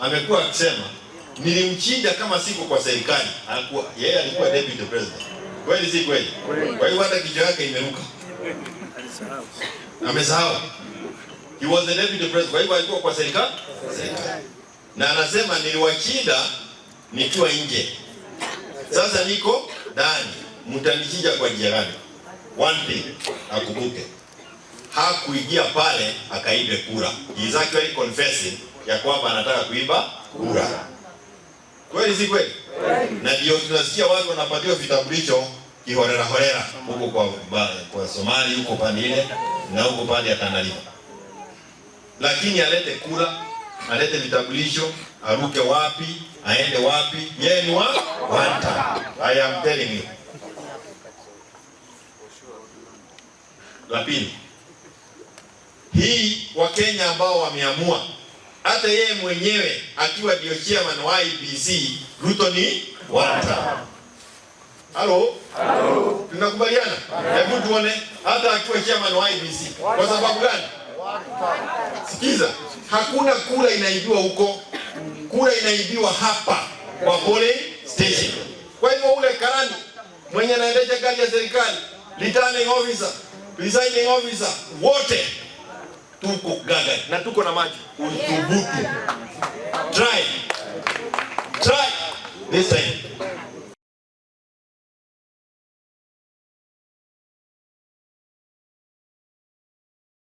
amekuwa akisema nilimchinja kama siko kwa serikali. Alikuwa yeye alikuwa deputy president, kweli si kweli? Kwa hiyo hata kichwa yake imeruka, amesahau he was the deputy president. Kwa hiyo alikuwa kwa serikali, na anasema niliwachinja nikiwa nje, sasa niko ndani, mtanichinja kwa jirani. One thing akumbuke, hakuingia pale akaibe kura, he is actually confessing ya kwamba anataka kuiba kura. Kweli si kweli? Na ndio tunasikia watu wanapatiwa vitambulisho kiholela holela huko kwa, kwa Somali huko pande ile na huko pande ya Tanganyika, lakini alete kura, alete vitambulisho, aruke wapi, aende wapi? Yeye ni wa wanta. I am telling you. La pili, hii Wakenya ambao wameamua hata yeye mwenyewe akiwa ndio chairman wa IBC Ruto ni wata. Halo? Halo. Tunakubaliana? Hebu tuone hata akiwa chairman wa IBC. Kwa sababu gani? Sikiza, hakuna kura inaibiwa huko. Kura inaibiwa hapa kwa pole station. Kwa hivyo ule karani mwenye anaendesha gari ya serikali, returning officer, presiding officer, wote tuko gaga na tuko na maji. Uthubutu, try try this time.